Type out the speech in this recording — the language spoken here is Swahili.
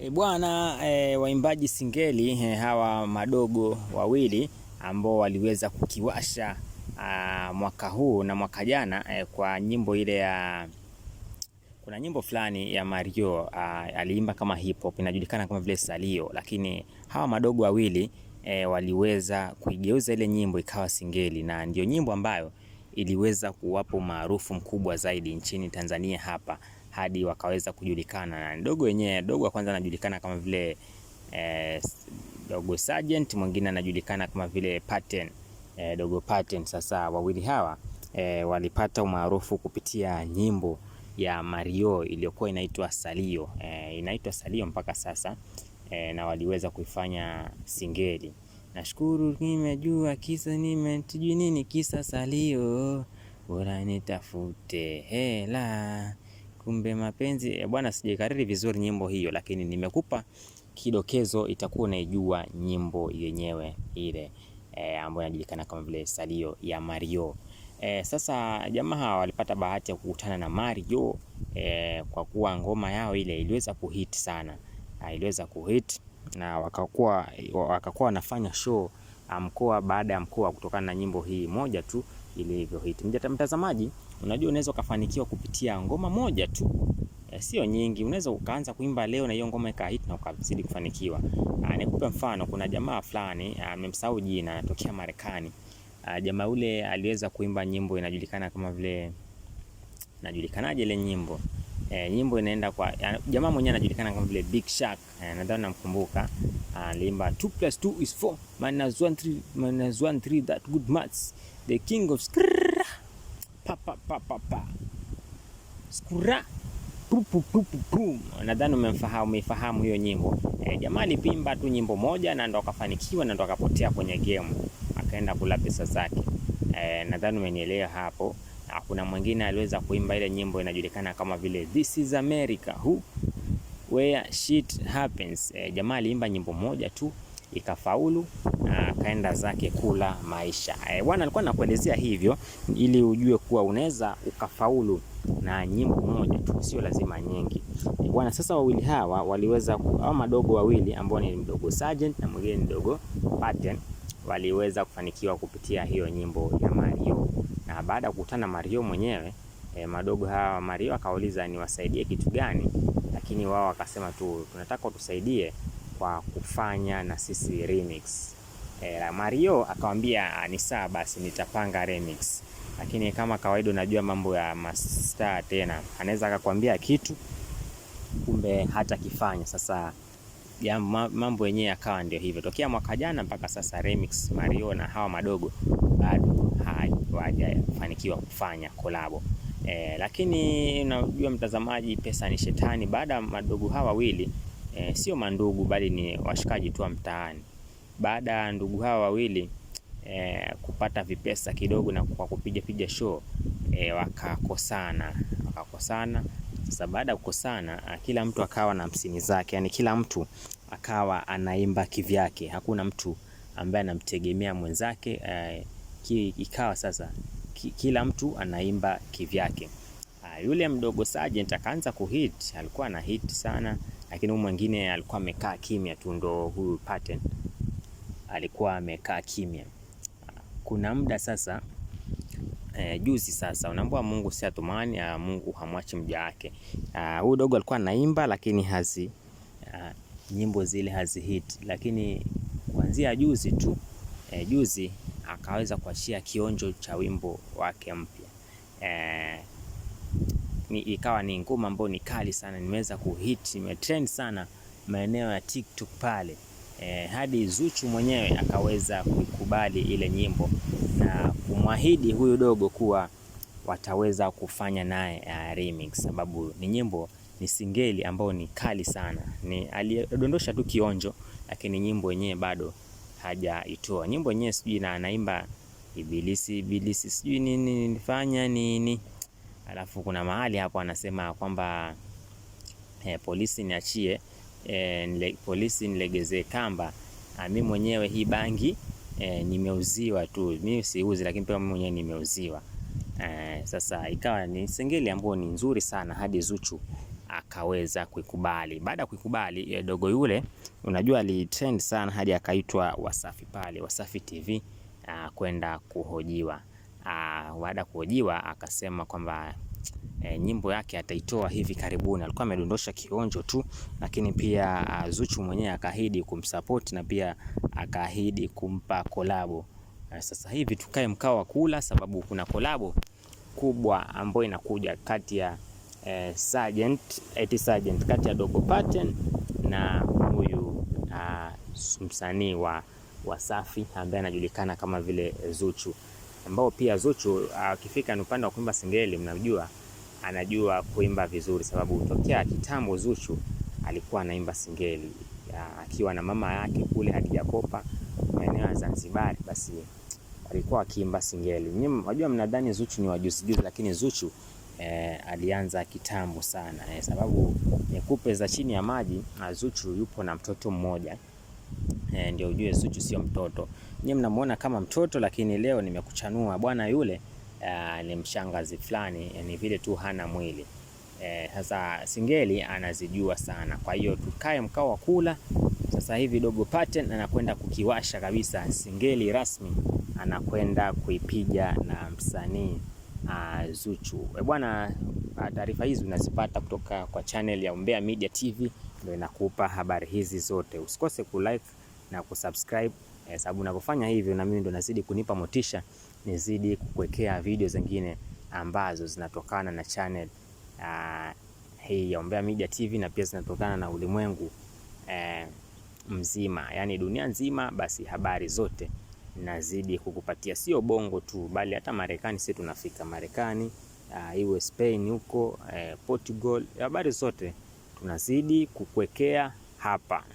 E bwana e, waimbaji singeli e, hawa madogo wawili ambao waliweza kukiwasha a, mwaka huu na mwaka jana e, kwa nyimbo ile ya kuna nyimbo fulani ya Mario a, aliimba kama hip hop inajulikana kama vile Salio, lakini hawa madogo wawili e, waliweza kuigeuza ile nyimbo ikawa singeli, na ndio nyimbo ambayo iliweza kuwapo maarufu mkubwa zaidi nchini Tanzania hapa hadi wakaweza kujulikana. Na dogo wenyewe, dogo wa kwanza anajulikana kama vile eh, dogo Sergeant, mwingine anajulikana kama vile Pattern, eh, dogo Pattern. Sasa wawili hawa eh, walipata umaarufu kupitia nyimbo ya Mario iliyokuwa inaitwa Salio, eh, inaitwa Salio mpaka sasa eh, na waliweza kuifanya singeli. Nashukuru nimejua kisa nime tujui nini kisa Salio, bora nitafute hela kumbe mapenzi eh, bwana, sijaikariri vizuri nyimbo hiyo, lakini nimekupa kidokezo, itakuwa unaijua nyimbo yenyewe ile e, ambayo inajulikana kama vile Salio ya Mario. E, sasa jamaa walipata bahati ya kukutana na Mario e, kwa kuwa ngoma yao ile iliweza kuhit sana, ah, iliweza kuhit na wakakuwa wakakuwa wanafanya show ah, mkoa baada ya mkoa kutokana na nyimbo hii moja tu ilivyo ilivyohiti. Mtazamaji, unajua unaweza kufanikiwa kupitia ngoma moja tu, eh, sio nyingi. Unaweza ukaanza kuimba leo na hiyo ngoma ika hit na ukazidi kufanikiwa. Ah, nikupe mfano, kuna jamaa fulani amemsahau ah, jina, anatokea Marekani. Ah, jamaa yule aliweza kuimba nyimbo inajulikana kama vile najulikanaje ile nyimbo e, nyimbo inaenda kwa jamaa mwenyewe anajulikana kama vile Big Shark e, nadhani namkumbuka. Alimba, ah, 2 plus 2 is 4 minus 1 3 minus 1 3 that good maths the king of skrrr pa pa pa pa pa skura nadhani umemfahamu umeifahamu hiyo nyimbo e, jamaa alipimba tu nyimbo moja na ndo akafanikiwa na ndo akapotea kwenye game akaenda kula pesa zake e, nadhani umenielewa hapo na ah, kuna mwingine aliweza kuimba ile nyimbo inajulikana kama vile This is America huu where shit happens. E, jamaa aliimba nyimbo moja tu ikafaulu na kaenda zake kula maisha. E, bwana alikuwa nakuelezea hivyo ili ujue kuwa unaweza ukafaulu na nyimbo moja tu, sio lazima nyingi e, bwana. Sasa wawili hawa waliweza ku, au madogo wawili ambao ni mdogo Sergeant na mwingine mdogo Patton waliweza kufanikiwa kupitia hiyo nyimbo ya Mario, na baada ya kukutana Mario mwenyewe e, madogo hawa Mario akauliza niwasaidie kitu gani, lakini wao wakasema tu tunataka utusaidie kwa kufanya na sisi remix. E, Mario akamwambia ni sawa basi, nitapanga remix. Lakini kama kawaida, unajua mambo ya masta tena, anaweza akakwambia kitu kumbe kifanya. Sasa ya mambo yenyewe yakawa ndio hivyo. Tokea mwaka jana mpaka sasa remix Mario na hawa madogo bado hawajafanikiwa kufanya kolabo e, lakini unajua mtazamaji, pesa ni shetani. Baada ya madogo hawa wawili e, sio mandugu bali ni washikaji tu wa mtaani, baada ya ndugu hawa wawili e, kupata vipesa kidogo na kwa kupiga piga show e, wakakosana wakakosana. Sasa baada ya kukosana, kila mtu akawa na msini zake, yani kila mtu akawa anaimba kivyake, hakuna mtu ambaye anamtegemea mwenzake. E, ikawa sasa ki, kila mtu anaimba kivyake. Ah, yule mdogo Sergeant akaanza kuhit, alikuwa na hit sana, lakini huyu mwingine alikuwa amekaa kimya tu, ndo huyu pattern alikuwa amekaa kimya. Ah, kuna muda sasa Eh, juzi sasa unaambua Mungu si atumani, ah, Mungu hamwachi mja wake. Huyu dogo alikuwa anaimba lakini hazi a, nyimbo zile hazi hit, lakini kuanzia juzi tu eh, juzi akaweza kuachia kionjo cha wimbo wake mpya e, ni, ikawa ni ngoma ambayo ni kali sana, nimeweza kuhit, nimetrend sana maeneo ya TikTok pale e, hadi Zuchu mwenyewe akaweza kukubali ile nyimbo na kumwahidi huyu dogo kuwa wataweza kufanya naye uh, remix sababu ni nyimbo ni singeli ambayo ni kali sana, ni aliyodondosha tu kionjo, lakini nyimbo yenyewe bado hajaitoa nyimbo yenyewe, sijui na anaimba ibilisi ibilisi sijui nini nifanya nini, alafu kuna mahali hapo anasema kwamba eh, polisi niachie eh, nile, polisi nilegezee kamba ah, mi mwenyewe hii bangi eh, nimeuziwa tu, mi siuzi, lakini pia mimi mwenyewe nimeuziwa. Eh, sasa ikawa ni sengeli ambayo ni nzuri sana hadi Zuchu akaweza kuikubali. Baada ya kuikubali eh, dogo yule, unajua alitrend sana hadi akaitwa Wasafi pale Wasafi TV ah, kwenda kuhojiwa. Ah, baada ya kuhojiwa, akasema kwamba E, nyimbo yake ataitoa hivi karibuni. Alikuwa amedondosha kionjo tu, lakini pia a, ah, Zuchu mwenyewe akaahidi kumsupport na pia akaahidi kumpa kolabo. sasa hivi tukae mkao wa kula, sababu kuna kolabo kubwa ambayo inakuja kati ya eh, Sergeant, IT Sergeant kati ya Dogo Paten na huyu uh, msanii wa Wasafi ambaye anajulikana kama vile Zuchu, ambao pia Zuchu akifika ah, uh, ni upande wa kuimba singeli, mnajua anajua kuimba vizuri, sababu tokea kitambo Zuchu alikuwa anaimba singeli ah, akiwa na mama yake kule Hadija Kopa maeneo ya Zanzibar, basi alikuwa akiimba singeli. Nyinyi wajua, mnadhani Zuchu ni wajuzijuzi, lakini Zuchu eh, alianza kitambo sana eh, sababu ni kupe za chini ya maji na ah, Zuchu yupo na mtoto mmoja eh, ndio ujue Zuchu sio mtoto. Nyie mnamuona kama mtoto, lakini leo nimekuchanua bwana yule eh, ni mshangazi fulani eh, ni vile tu hana mwili eh, sasa e, Singeli anazijua sana, kwa hiyo tukae mkao wa kula. Sasa hivi Dogo Paten anakwenda kukiwasha kabisa, Singeli rasmi anakwenda kuipiga na msanii uh, Zuchu. Eh, bwana, ah, taarifa hizi unazipata kutoka kwa channel ya Umbea Media TV, ndio inakupa habari hizi zote. Usikose kulike na kusubscribe eh, sababu unapofanya hivyo na mimi ndo nazidi kunipa motisha nizidi kukuwekea video zingine ambazo zinatokana na channel uh, hii ya Umbea Media TV na pia zinatokana na ulimwengu eh, mzima, yani dunia nzima, basi habari zote nazidi kukupatia sio bongo tu, bali hata Marekani. Sisi tunafika Marekani, uh, iwe Spain huko, uh, Portugal, habari zote tunazidi kukwekea hapa.